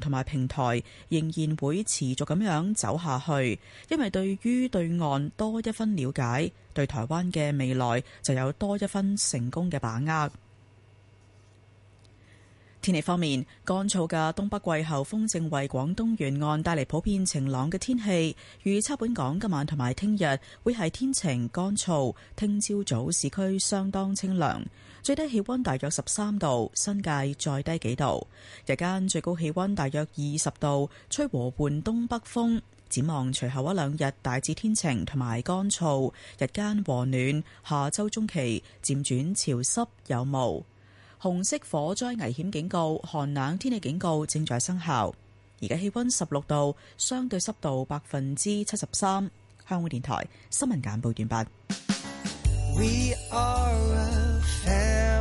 同埋平台仍然會持續咁樣走下去，因為對於對岸多一分了解，對台灣嘅未來就有多一分成功嘅把握。天氣方面，乾燥嘅東北季候風正為廣東沿岸帶嚟普遍晴朗嘅天氣。預測本港今晚同埋聽日會係天晴乾燥，聽朝早，早市區相當清涼。最低氣温大約十三度，新界再低幾度。日間最高氣温大約二十度，吹和緩東北風。展望隨後一兩日大致天晴同埋乾燥，日間和暖。下周中期漸轉潮濕有霧。紅色火災危險警告、寒冷天氣警告正在生效。而家氣温十六度，相對濕度百分之七十三。香港電台新聞簡報完畢。We are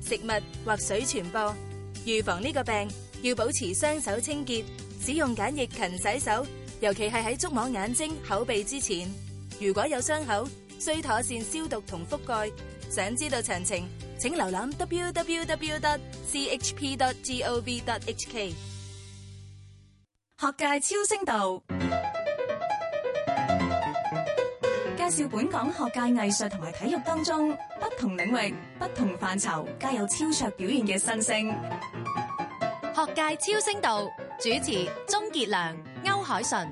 食物或水傳播，預防呢個病要保持雙手清潔，使用梘液勤洗手，尤其係喺觸摸眼睛、口鼻之前。如果有傷口，需妥善消毒同覆蓋。想知道詳情，請瀏覽 www.chp.gov.hk。學界超聲道介紹本港學界藝術同埋體育當中。不同領域、不同範疇，皆有超卓表現嘅新星。學界超聲道主持鍾傑良、歐鎧淳。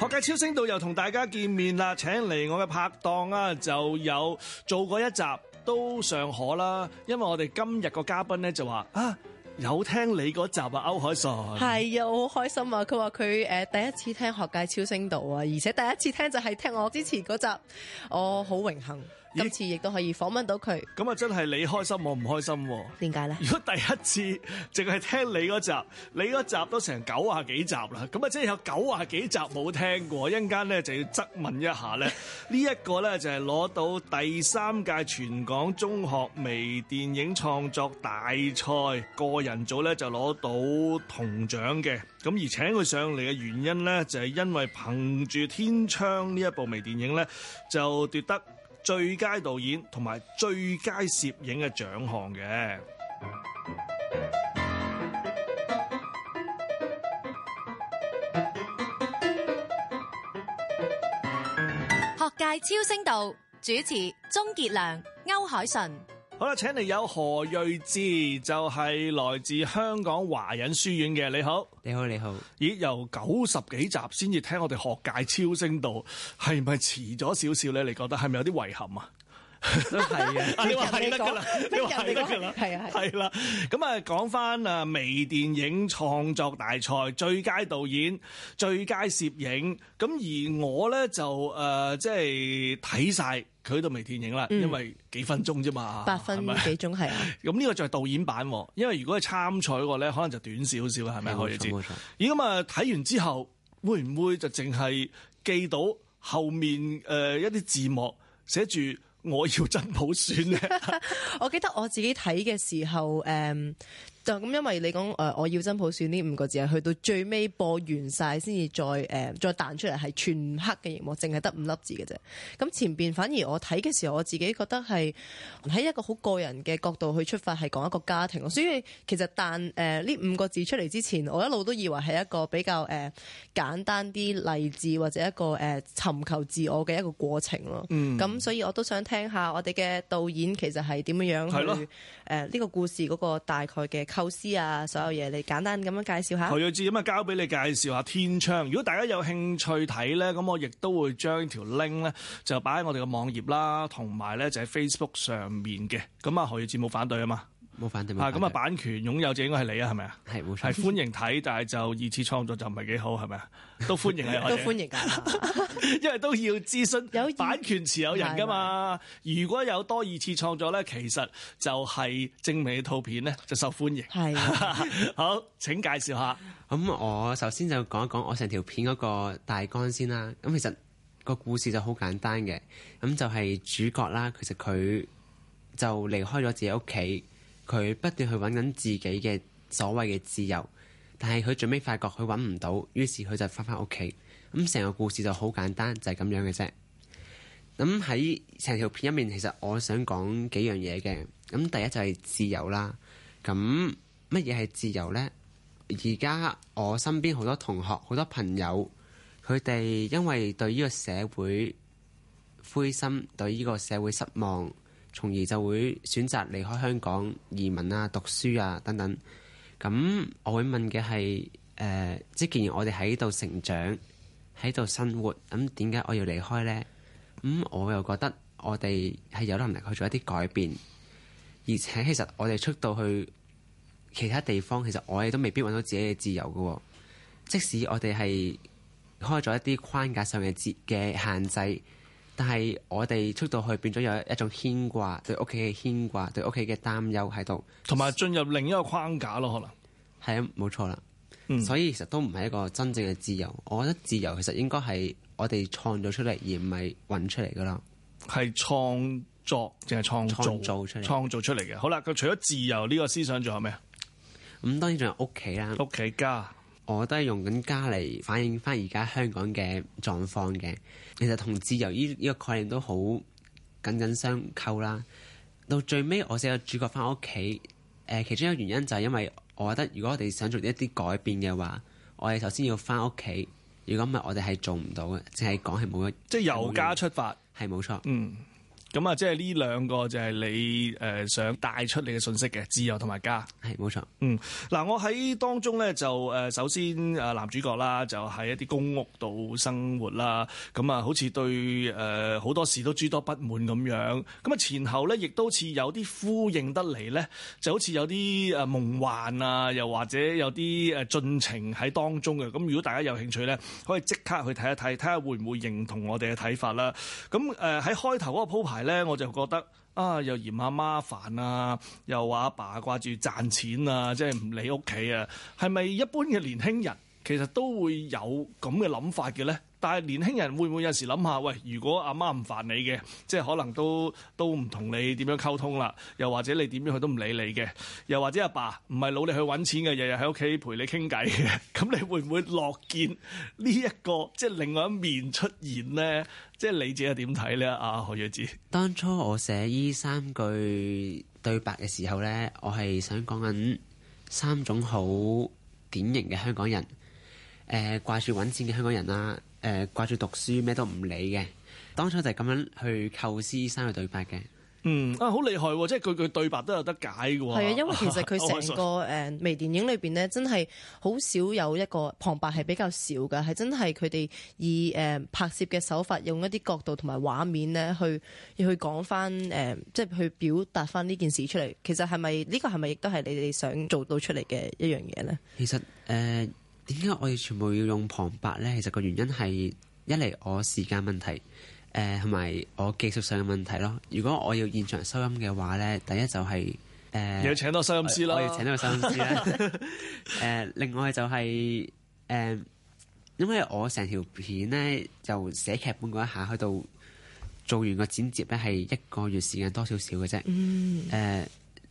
學界超聲道又同大家見面啦，請嚟我嘅拍檔啊，就有做過一集都尚可啦。因為我哋今日個嘉賓咧就話啊。有聽你嗰集啊，歐鎧淳，係啊，我好開心啊！佢話佢誒第一次聽學界超聲道啊，而且第一次聽就係聽我之前嗰集，我好榮幸。今次亦都可以訪問到佢，咁啊，真係你開心，我唔開心喎、啊。點解咧？如果第一次淨係聽你嗰集，你嗰集都成九啊幾集啦，咁啊，即係有九啊幾集冇聽過，一陣間咧就要質問一下咧。呢一 個咧就係攞到第三屆全港中學微電影創作大賽個人組咧就攞到銅獎嘅。咁而請佢上嚟嘅原因咧，就係因為憑住《天窗》呢一部微電影咧就奪得最佳導演同埋最佳攝影嘅獎項嘅，學界超聲道，主持鍾傑良、歐鎧淳。好啦，請你有何睿智，就係、是、來自香港華仁書院嘅你，你好，你好你好，咦，由九十幾集先至聽我哋學界超聲道，係咪遲咗少少咧？你覺得係咪有啲遺憾啊？ 都係啊，啊！你話係得噶啦，你話係得噶啦，係 啊，係啦。咁啊，講翻啊，嗯、微電影創作大賽最佳導演、最佳攝影。咁而我咧就誒，即係睇晒佢度微電影啦，因為幾分鐘啫嘛，八、嗯啊、分幾鐘係啊。咁呢個就係導演版，因為如果係參賽嘅話咧，可能就短少少啦，係咪錯可以知？而咁啊，睇錯、嗯、完之後會唔會就淨係記到後面誒一啲字幕寫住？我要真普選，咧！我記得我自己睇嘅時候，誒、嗯。就咁，因為你講誒我要真普選呢五個字，係去到最尾播完晒先至再誒、呃、再彈出嚟，係全黑嘅熒幕，淨係得五粒字嘅啫。咁前邊反而我睇嘅時候，我自己覺得係喺一個好個人嘅角度去出發係講一個家庭咯。所以其實彈誒呢、呃、五個字出嚟之前，我一路都以為係一個比較誒、呃、簡單啲勵志或者一個誒尋、呃、求自我嘅一個過程咯。嗯。咁所以我都想聽下我哋嘅導演其實係點樣樣去誒呢的、呃這個故事嗰個大概嘅。構思啊，所有嘢你簡單咁樣介紹下。何睿智，咁啊，交俾你介紹下天窗。如果大家有興趣睇咧，咁我亦都會將條 link 咧，就擺喺我哋嘅網頁啦，同埋咧，就喺 Facebook 上面嘅。咁啊，何睿智冇反對啊嘛？冇反對啊！咁啊，版權擁有者應該係你啊，係咪啊？係冇錯，係歡迎睇，但係就二次創作就唔係幾好，係咪啊？都歡迎你， 都歡迎噶， 因為都要諮詢有版權持有人噶嘛。對對對，如果有多二次創作咧，其實就係證明套片咧就受歡迎。係對 好，請介紹下咁、嗯。我首先就講一講我成條片嗰個大綱先啦。咁、嗯、其實個故事就好簡單嘅，咁、嗯、就係、是、主角啦。其實佢就離開咗自己屋企。佢不斷去揾緊自己嘅所謂嘅自由，但係佢最尾發覺佢揾唔到，於是佢就翻返屋企。咁成個故事就好簡單，就係咁樣嘅啫。咁喺成條片入面，其實我想講幾樣嘢嘅。咁第一就係自由啦。咁乜嘢係自由呢？而家我身邊好多同學、好多朋友，佢哋因為對呢個社會灰心，對呢個社會失望。從而就會選擇離開香港、移民啊、讀書啊等等。咁，我會問嘅係誒，即既然我哋喺度成長，喺度生活，咁點解我要離開呢？咁、嗯、我又覺得我哋係有能力去做一啲改變，而且其實我哋出到去其他地方，其實我哋都未必揾到自己嘅自由嘅喎、哦。即使我哋係開咗一啲框架上嘅節嘅限制。係我哋出到去變咗有一一種牽掛，對屋企嘅牽掛，對屋企嘅擔憂喺度，同埋進入另一個框架咯，可能係啊冇錯啦。錯嗯、所以其實都唔係一個真正嘅自由。我覺得自由其實應該係我哋創造出嚟，而唔係搵出嚟噶啦。係創作淨係創造，創造出嚟，創造出嚟嘅。好啦，佢除咗自由呢個思想仲有咩啊？咁、嗯、當然仲有屋企啦，屋企家，家。我都係用緊家嚟反映翻而家香港嘅狀況嘅，其實同自由呢呢個概念都好緊緊相扣啦。到最尾我寫個主角翻屋企，誒、呃，其中一個原因就係因為我覺得如果我哋想做一啲改變嘅話，我哋首先要翻屋企。如果唔係，我哋係做唔到嘅，淨係講係冇一，即係由家出發，係冇錯。嗯。咁啊，即係呢兩個就係你誒想帶出你嘅信息嘅自由同埋家，係冇錯嗯。嗯，嗱，我喺當中咧就誒首先誒男主角啦，就喺一啲公屋度生活啦。咁啊，好似對誒好多事都諸多不滿咁樣，咁、嗯、啊，前後咧亦都似有啲呼應得嚟咧，就好似有啲誒夢幻啊，又或者有啲誒盡情喺當中嘅。咁、嗯、如果大家有興趣咧，可以即刻去睇一睇，睇下會唔會認同我哋嘅睇法啦。咁誒喺開頭嗰個鋪排。咧我就覺得啊，又嫌阿媽煩啊，又話阿爸掛住賺錢啊，即係唔理屋企啊，係咪一般嘅年輕人？其實都會有咁嘅諗法嘅咧。但係年輕人會唔會有時諗下？喂，如果阿媽唔煩你嘅，即係可能都都唔同你點樣溝通啦。又或者你點樣佢都唔理你嘅。又或者阿爸唔係努力去揾錢嘅，日日喺屋企陪你傾偈嘅。咁、 嗯、你會唔會樂見呢、這、一個即係另外一面出現咧？即係你自己點睇咧？阿、啊、何睿智，當初我寫依三句對白嘅時候咧，我係想講緊三種好典型嘅香港人。誒掛住揾錢嘅香港人啦，誒掛住讀書咩都唔理嘅，當初就係咁樣去構思三個對白嘅。嗯，啊好厲害喎、啊！即係佢句句對白都有得解嘅喎。係啊，因為其實佢成個誒、 uh, 微電影裏邊咧，真係好少有一個旁白係比較少嘅，係真係佢哋以誒、uh, 拍攝嘅手法，用一啲角度同埋畫面咧去要去講翻誒，uh, 即係去表達翻呢件事出嚟。其實係咪呢個係咪亦都係你哋想做到出嚟嘅一樣嘢咧？其實誒。Uh, 點解我要全部要用旁白呢？其實個原因係一嚟我時間問題，誒同埋我技術上嘅問題咯。如果我要現場收音嘅話呢，第一就係、是、誒、呃、要請多收音師咯，我要請多收音師咧。誒、 呃、另外就係、是、誒、呃，因為我成條片呢，就寫劇本嗰一下，去到做完個剪接咧係一個月時間多少少嘅啫。誒、嗯呃，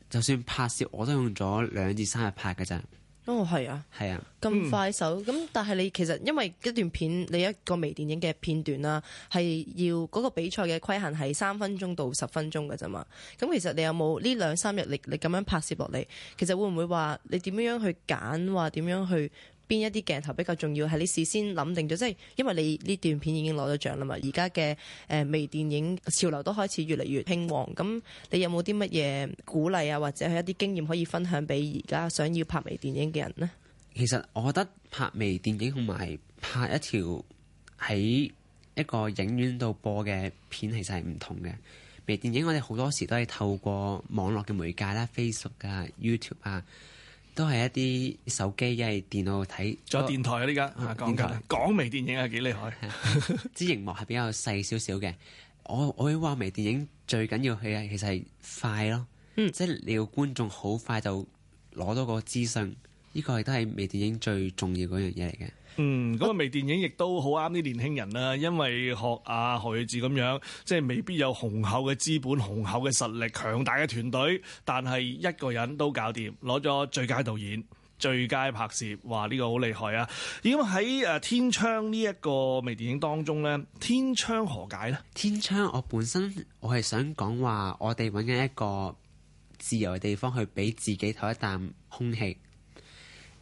就算拍攝我都用咗兩至三日拍㗎咋。」哦，係啊，係啊，咁快手咁。嗯、但係你其實因為一段片，你一個微電影嘅片段啦，係要嗰個比賽嘅規限係三分鐘到十分鐘㗎啫嘛。咁其實你有冇呢兩三日你你咁樣拍攝落嚟，其實會唔會話你點樣去揀，話點樣去？邊一啲鏡頭比較重要？係你事先諗定咗，即係因為你呢段片已經攞咗獎啦嘛。而家嘅誒微電影潮流都開始越嚟越興旺，咁你有冇啲乜嘢鼓勵啊，或者係一啲經驗可以分享俾而家想要拍微電影嘅人呢？其實我覺得拍微電影同埋拍一條喺一個影院度播嘅片其實係唔同嘅。微電影我哋好多時都係透過網絡嘅媒介啦，啊，Facebook 啊、YouTube 啊。都係一啲手機，一係電腦睇，仲有電台啊！依家、哦、啊，講緊的台微電影係、啊、幾厲害，啲 熒幕係比較細少少嘅。我我會話微電影最緊要係其實係快咯，即係你要觀眾好快就攞到個資訊，呢個係都係微電影最重要嗰樣嘢嚟嘅。嗯嗯，咁、那、啊、個、微電影亦都好啱啲年輕人啦，因為學阿、啊、何睿智咁樣，即係未必有雄厚嘅資本、雄厚嘅實力、強大嘅團隊，但係一個人都搞掂，攞咗最佳導演、最佳拍攝，哇呢、這個好厲害啊！咁喺誒天窗呢一個微電影當中咧，天窗何解咧？天窗，我本身我係想講話，我哋揾緊一個自由嘅地方去俾自己透一啖空氣。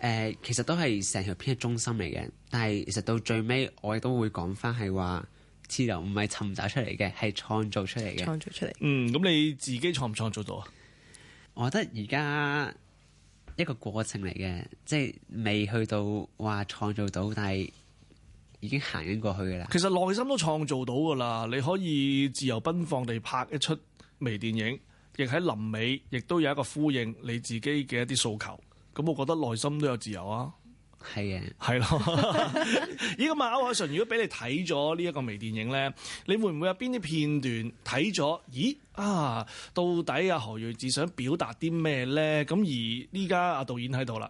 誒，其實都係成條片嘅中心嚟嘅，但係其實到最尾，我亦都會講返係話，自由唔係尋找出嚟嘅，係創造出嚟嘅。創造出嚟。嗯，咁你自己創唔創造到啊？我覺得而家一個過程嚟嘅，即係未去到話創造到，但係已經行緊過去㗎喇。其實內心都創造到㗎喇，你可以自由奔放地拍一出微電影，亦喺臨尾亦都有一個呼應你自己嘅一啲訴求。有冇覺得內心都有自由啊？係啊，係 咯樂。咦，咁啊，歐鎧淳，如果俾你睇咗呢一個微電影咧，你會唔會有邊啲片段睇咗？咦啊，到底啊，何睿智想表達啲咩咧？咁而呢家阿導演喺度啦。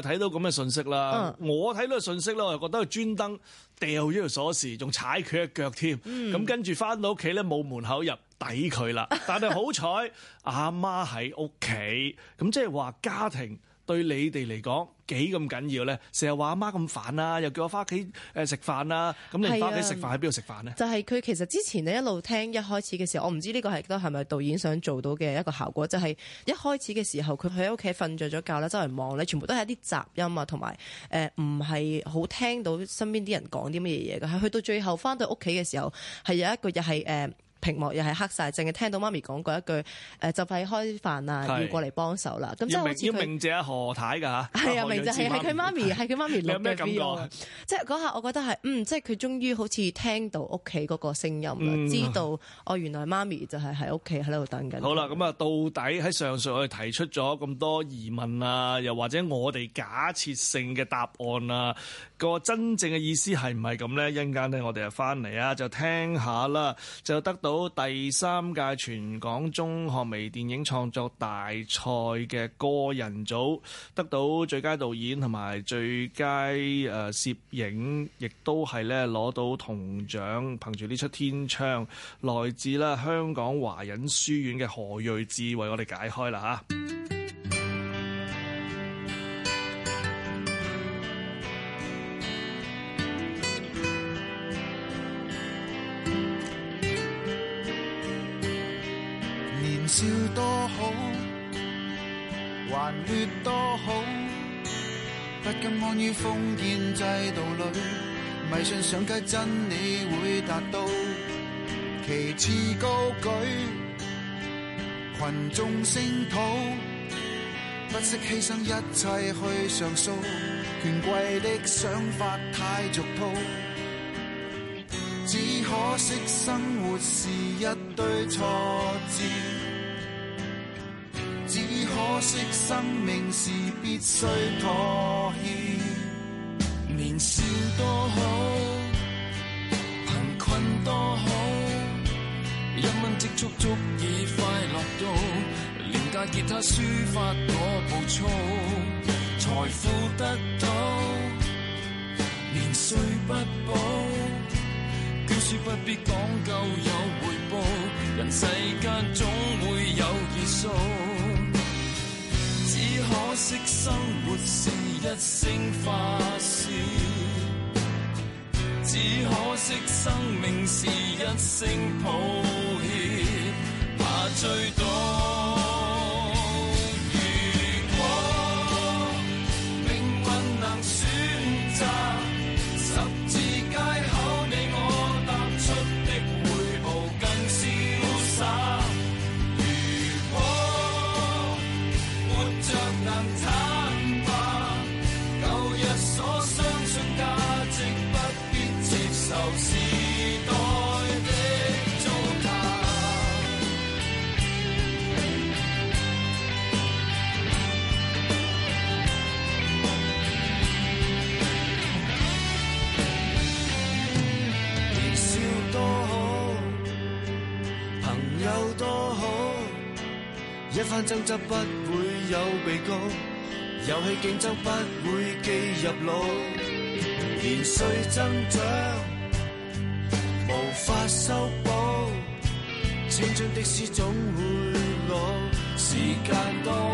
睇到咁嘅信息啦，我睇到嘅信息咧，我又覺得佢專登掉咗條鎖匙，仲踩佢一腳添。咁跟住翻到屋企咧，冇門口入抵佢啦。但係好彩阿媽喺屋企，咁即係話家庭。 對你哋嚟講幾咁緊要咧？成日話阿媽咁煩啦、啊，又叫我翻屋企誒食飯啦、啊。咁你翻屋企食飯喺邊度食飯咧？就係佢其實之前咧一路聽一開始嘅時候，我唔知呢個係都係咪導演想做到嘅一個效果，就係、是、一開始嘅時候佢喺屋企瞓着咗覺啦，周圍望咧全部都係一啲雜音啊，同埋誒唔係好聽到身邊啲人講啲乜嘢嘢嘅。係去到最後翻到屋企嘅時候，係有一個又係誒。呃屏幕又係黑晒，淨係聽到媽咪講過一句誒、呃，就快開飯啦，是要過嚟幫手啦。咁即係好似要鳴謝何太㗎嚇，係啊，鳴謝就係係佢媽咪，係佢媽，媽，媽咪錄 video。有咩感覺？即係嗰下，我覺得係嗯，即係佢終於好似聽到屋企嗰個聲音啦，嗯、知道哦，原來媽咪就係喺屋企喺度等緊。好啦，咁啊，到底喺上述我哋提出咗咁多疑問啊，又或者我哋假設性嘅答案啊？個真正嘅意思係唔係咁呢？一陣間呢，我哋就翻嚟啊，就聽下啦，就得到第三屆全港中學微電影創作大賽嘅個人組得到最佳導演同埋最佳誒攝影，亦都係咧攞到銅獎，憑住呢出《天窗》，來自啦香港華仁書院嘅何睿智為我哋解開啦嚇。多好，還劣多好，不甘安於封建制度裏，迷信上街真理會達到，旗幟高舉，羣眾聲討，不惜犧牲一切去上訴，權貴的想法太俗套，只可惜生活是一堆錯字。只可惜生命是必須妥協，年少多好，貧困多好，一蚊積蓄足以快樂到，廉價吉他抒發我暴躁，財富得到，年歲不保，捐書不必講究有回報，人世間總會有耶穌。可惜生活是一聲發誓，只可惜生命是一聲抱歉，怕最多。爭執不會有被告，遊戲競爭不會記入腦，年歲增長無法修補，青春的詩總會老，時間多。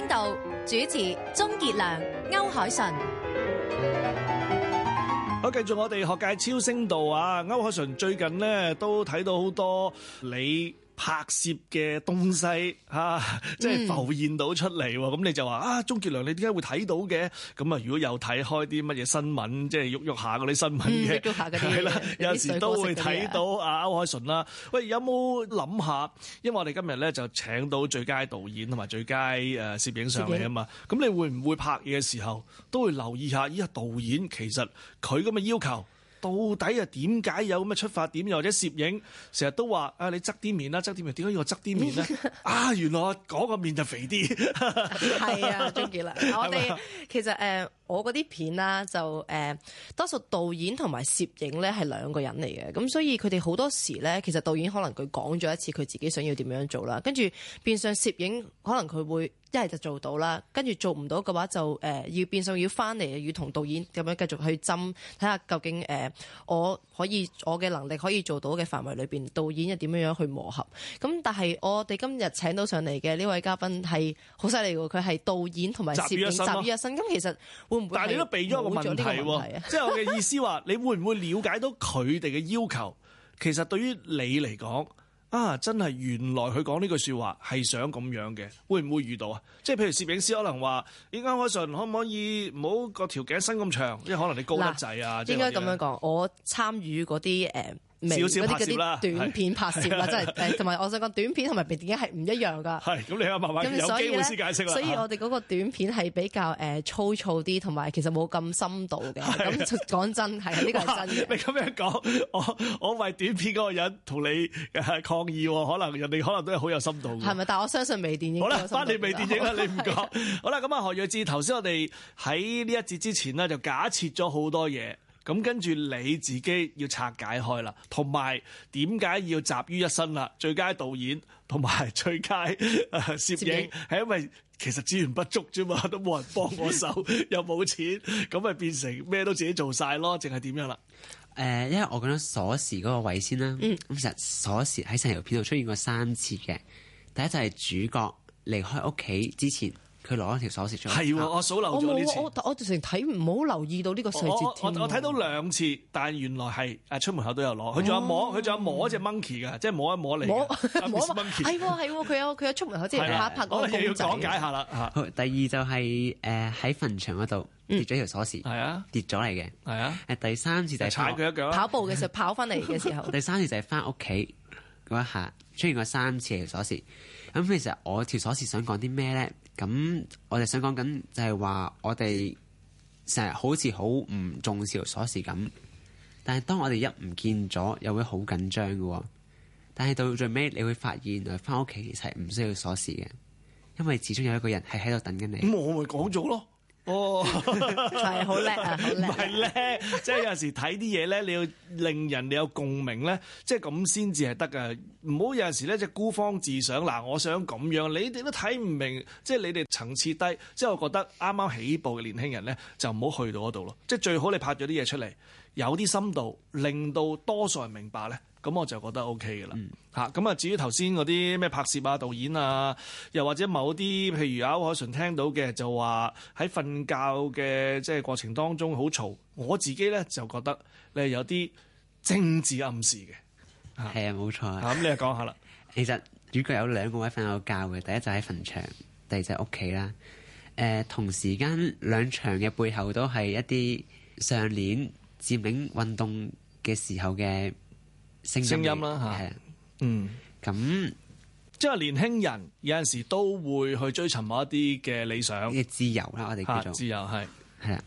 新星主持鍾傑良、歐鎧淳，好，繼續我哋學界超星導啊！歐鎧淳最近呢都睇到好多你。拍攝嘅東西嚇，即、啊、係浮現到出嚟喎。咁、嗯、你就話啊，鍾、ah, 傑良你點解會睇到嘅？咁啊，如果有睇開啲乜嘢新聞，即係喐喐下嗰啲新聞嘅，係、嗯、啦，有時都會睇到啊歐鎧淳啦、啊。喂，有冇諗下？因為我哋今日咧就請到最佳導演同埋最佳誒攝影上嚟啊嘛。咁你會唔會拍嘢嘅時候都會留意下依個導演其實佢咁嘅要求？到底啊點解有咁嘅出發點？又或者攝影成日都話啊，你側啲面啦，側啲面，點解要我側啲面咧？ 啊，原來嗰個面就肥啲。係 啊，鍾傑良，吧我哋其實誒。呃我嗰啲片啦，就誒多數導演同埋攝影咧係兩個人嚟嘅，咁所以佢哋好多時咧，其實導演可能佢講咗一次佢自己想要點樣做啦，跟住變相攝影可能佢會一係就做到啦，跟住做唔到嘅話，就誒要變相要翻嚟要同導演咁樣繼續去斟睇下究竟誒我可以我嘅能力可以做到嘅範圍裏邊導演又點樣樣去磨合。咁但係我哋今日請到上嚟嘅呢位嘉賓係好犀利嘅，佢係導演同埋攝影集於一身，集於一身。咁其實會。但係你都避咗一個問題喎，即係我嘅意思話， 你會唔會了解到佢哋嘅要求？其實對於你嚟講，啊，真係原來佢講呢句説話係想咁樣嘅，會唔會遇到啊？即係譬如攝影師可能話：依家鎧淳可唔可以唔好個條頸伸咁長，因為可能你高得滯啊？喇應該咁樣講，我參與嗰啲誒。呃少少拍攝短片拍攝啦，真係同埋我想講短片同埋微電影係唔一樣㗎。係咁，你慢慢有機會先解釋啦。所以我哋嗰個短片係比較誒粗糙啲，同埋其實冇咁深度嘅。咁講真係，呢個係真嘅。你咁樣講，我我為短片嗰個人同你抗議，可能人哋可能都係好有深度嘅。係咪？但係我相信微電影。好啦，翻你微電影啦，你唔講。好啦，咁啊，何睿智頭先我哋喺呢一節之前呢，就假設咗好多嘢。咁跟住你自己要拆解開啦，同埋點解要集於一身啦？最佳導演同埋最佳、呃、攝影，係影因為其實資源不足啫嘛，都冇人幫我手， 又冇錢，咁咪變成咩都自己做晒咯，淨係點樣啦？誒、呃，因為我覺得鎖匙嗰個位先啦。咁、嗯、其實鎖匙喺成條片度出現過三次嘅，第一就係主角離開屋企之前。佢攞咗條鎖匙出嚟。係，我數漏咗。我冇，我直程睇唔好留意到呢個細節。我睇到兩次，但原來係誒出門口都有攞。佢仲有摸，佢仲有摸隻 monkey 嘅，即係摸一摸嚟。摸摸隻 monkey。係喎係喎，佢有佢有出門口先拍下拍個動作。我哋要講解下啦。第二就係誒喺墳場嗰度跌咗條鎖匙。係啊，跌咗嚟嘅。係啊。第三次就係跑步嘅時候跑翻嚟嘅時候。第三次就係翻屋企。嗰一下出現過三次條鎖匙，咁其實我條鎖匙想講啲咩咧？咁我哋想講緊就係話，我哋成日好似好唔重視條鎖匙咁，但係當我哋一唔見咗，又會好緊張嘅喎。但係到最尾，你會發現原來翻屋企其實係唔需要鎖匙嘅，因為始終有一個人係喺度等緊你。咁我咪講咗咯。 哦 呵呵，係好叻啊！唔係咧，即係有陣時睇啲嘢咧，你要令人哋有共鳴咧，即係咁先至係得噶。唔好有陣時咧，就孤芳自賞。嗱，我想咁樣，你哋都睇唔明，即係你哋層次低。即係我覺得啱啱起步嘅年輕人咧，就唔好去到嗰度咯。即係最好你拍咗啲嘢出嚟，有啲深度，令到多數人明白咧。咁我就覺得 O K 嘅啦嚇。咁、嗯、啊，至於頭先嗰啲咩拍攝啊、導演啊，又或者某啲，譬如歐鎧淳聽到嘅就話喺瞓覺嘅即係過程當中好嘈。我自己咧就覺得你有啲政治暗示嘅，係、嗯、啊，冇錯、嗯、啊。咁錯、啊、你又講下啦。其實主角有兩個位瞓有覺嘅，第一就喺墳場，第二就喺屋企啦。誒、呃，同時間兩場嘅背後都係一啲上年佔領運動嘅時候嘅。聲音啦吓，啊、對嗯咁那即係年輕人有陣時都會去追尋某一啲嘅理想嘅自由啦。我哋叫做、啊、自由係係啦。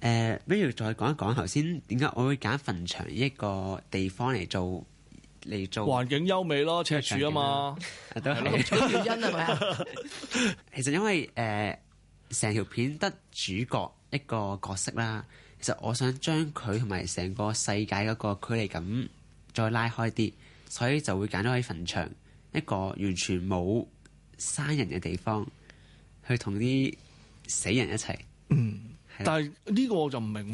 誒，不如、呃、再講一講頭先點解我會揀墳場一個地方嚟做嚟做環境優美咯，赤柱啊嘛。對對都係呢個原因係咪啊 ？其實因為誒成條片得主角一個角色啦。其實我想將佢同埋成個世界嗰個距離感。再拉開啲，所以就會揀咗喺墳場一個完全冇生人嘅地方，去同啲死人一齊。嗯，但係呢個我就唔明，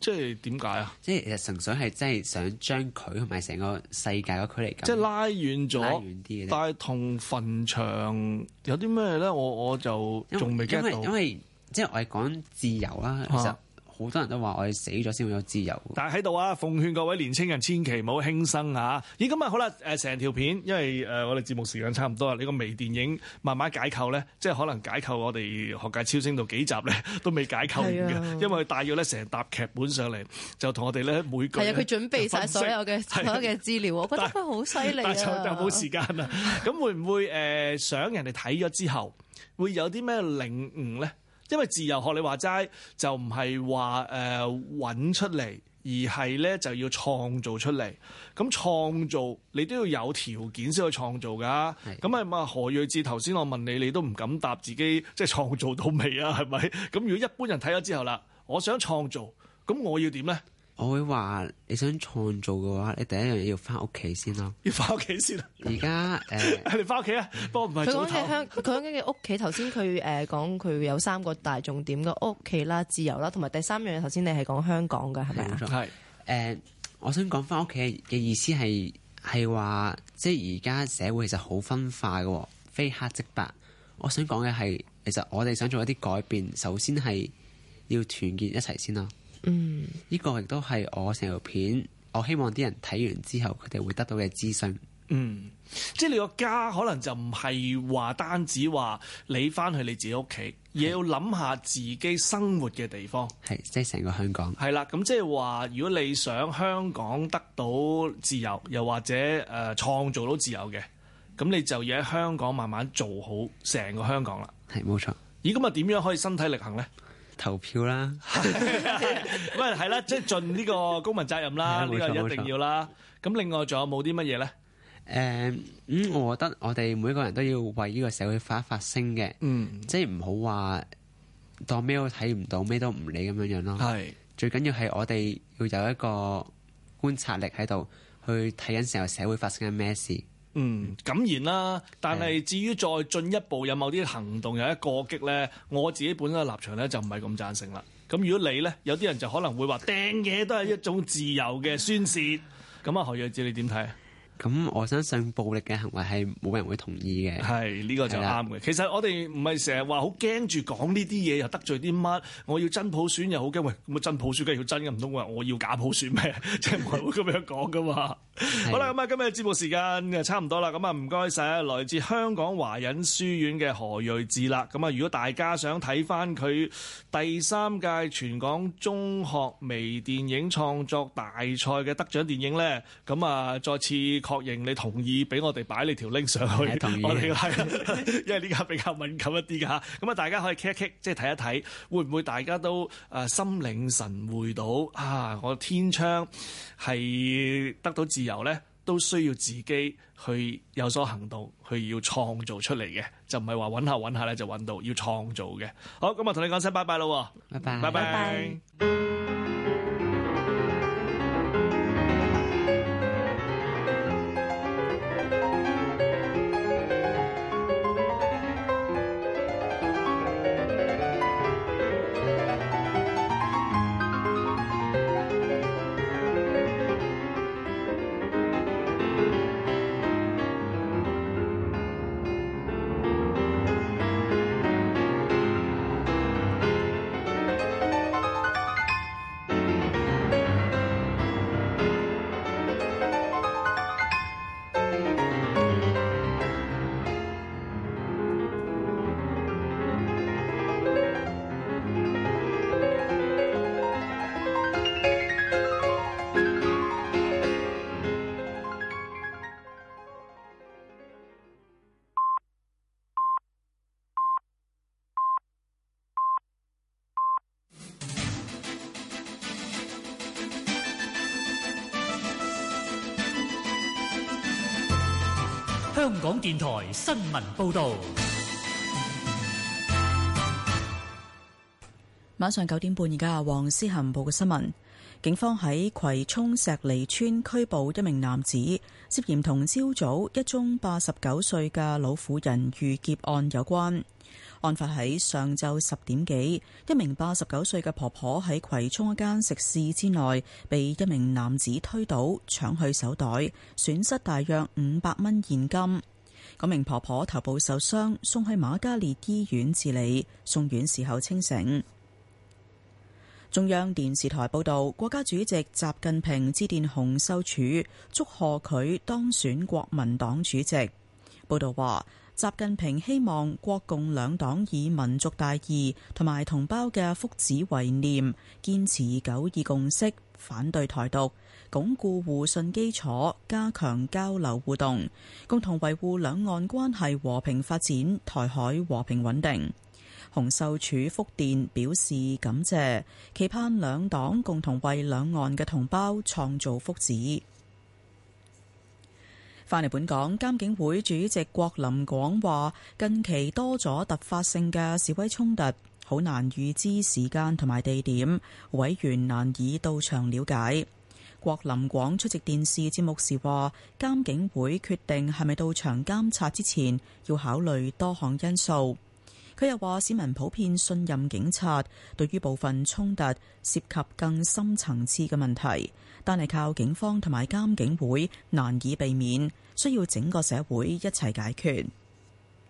即係點解啊？即係其實純粹係真係想將佢同埋成個世界嘅距離，即係拉遠咗，拉遠啲。但係同墳場有啲咩咧？我我就仲未因為因為即係我係講自由啦，其實。啊好多人都話：我哋死咗先會有自由。但係喺度啊，奉勸各位年青人千祈唔好輕生嚇、啊。咦，咁啊好啦，誒、呃、成條片，因為誒、呃、我哋節目時間差唔多啦。呢個微電影慢慢解構咧，即係可能解構我哋學界超星到幾集咧，都未解構完嘅，啊、因為佢帶要咧成疊劇本上嚟，就同我哋咧每句係啊，佢準備晒所有嘅、啊、所有嘅資料，我覺得佢好犀利啊，但就冇時間啦。咁會唔會誒、呃、想人哋睇咗之後，會有啲咩領悟咧？因為自由學你話齋，就唔係話誒揾出嚟，而係咧就要創造出嚟。咁創造你都要有條件先可以創造㗎。啊。咁係嘛？何睿智頭先我問你，你都唔敢答自己，即係創造到未啊？係咪？咁如果一般人睇咗之後啦，我想創造，咁我要點咧？我會話你想創造嘅話，你第一樣嘢要翻屋企先咯。要翻屋企先。而家誒，你翻屋企啊？ 不過唔係。佢講嘅香，佢講嘅屋企，頭先佢誒講佢有三個大重點嘅屋企啦、自由啦，同埋第三樣嘢頭先你係講香港嘅係咪啊？係。誒錯是、呃，我想講翻屋企嘅意思係係話，即係而家社會其實好分化嘅，非黑即白。我想講嘅係，其實我哋想做一啲改變，首先係要團結一齊先咯。嗯，呢個亦都係我成條片，我希望啲人睇完之後，佢哋會得到嘅資訊。嗯，即係你個家可能就唔係話單止話你翻去你自己屋企，是而要諗下自己生活嘅地方。係，即係成個香港。係啦，咁即係話，如果你想香港得到自由，又或者誒創、呃、造到自由嘅，咁你就要喺香港慢慢做好成個香港啦。係冇錯。咦咁啊，點樣可以身體力行咧？投票啦，咁係啦，即係盡呢個公民責任啦，呢個 一定要啦。咁 另外仲有冇啲乜嘢咧？誒、嗯，咁我覺得我哋每一個人都要為呢個社會發一發聲嘅，嗯、即係唔好話當咩都睇唔到，咩都唔理咁樣樣咯。係是最緊要係我哋要有一個觀察力喺度，去睇緊成個社會發生緊咩事。嗯，當然啦，但係至於再進一步有某啲行動有一過激咧，我自己本身嘅立場咧就唔係咁贊成啦。咁如果你咧，有啲人就可能會話掟嘢都係一種自由嘅宣洩。咁啊、嗯，何睿智你點睇啊？咁我相信暴力嘅行為係冇人會同意嘅。係、這、呢個就啱嘅。其實我哋唔係成日話好驚住講呢啲嘢又得罪啲乜。我要真普選又好驚，喂咁嘅真普選梗係要真嘅，唔通話我要假普選咩？即係唔會咁樣講噶嘛。 是的 好啦，咁啊今日節目時間差就差唔多啦。咁啊唔該晒來自香港華仁書院嘅何睿智啦。咁啊如果大家想睇翻佢第三屆全港中學微電影創作大賽嘅得獎電影咧，咁啊再次。確認你同意俾我哋擺你條 link 上去，我哋係， 因為呢家比較敏感一啲㗎嚇。咁啊，大家可以傾一傾，即係睇一睇，會唔會大家都啊心領神會到啊？我天窗係得到自由咧，都需要自己去有所行動，去要創造出嚟嘅，就唔係話揾下揾下咧就揾到，要創造嘅。好，咁啊，同你講聲拜拜啦，拜拜，拜拜。港電台新聞報道，晚上九點半，而家黃思恆報嘅新聞。警方喺葵涌石籬邨拘捕一名男子，涉嫌同朝早,早一宗八十九歲嘅老婦人遇劫案有關。案發喺上晝十點幾，一名八十九歲嘅婆婆喺葵涌一間食肆之內，被一名男子推倒搶去手袋，損失大約五百蚊現金。一名婆婆頭部受傷，送去馬嘉烈醫院治理，送院時候清醒。中央電視台報道，國家主席習近平致電洪秀柱，祝賀佢當選國民黨主席。報道話。習近平希望國共兩黨以民族大義同埋同胞嘅福祉為念，堅持九二共識，反對台獨，鞏固互信基礎，加強交流互動，共同維護兩岸關係和平發展、台海和平穩定。洪秀柱復電表示感謝，期盼兩黨共同為兩岸嘅同胞創造福祉。翻嚟本港，監警會主席郭林廣話：近期多咗突發性嘅示威衝突，好難預知時間同埋地點，委員難以到場了解。郭林廣出席電視節目時話：監警會決定係咪到場監察之前，要考慮多項因素。佢又話：市民普遍信任警察，對於部分衝突涉及更深層次嘅問題。但係靠警方同埋監警會難以避免，需要整個社會一齊解決。